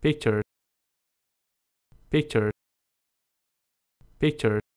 picture picture picture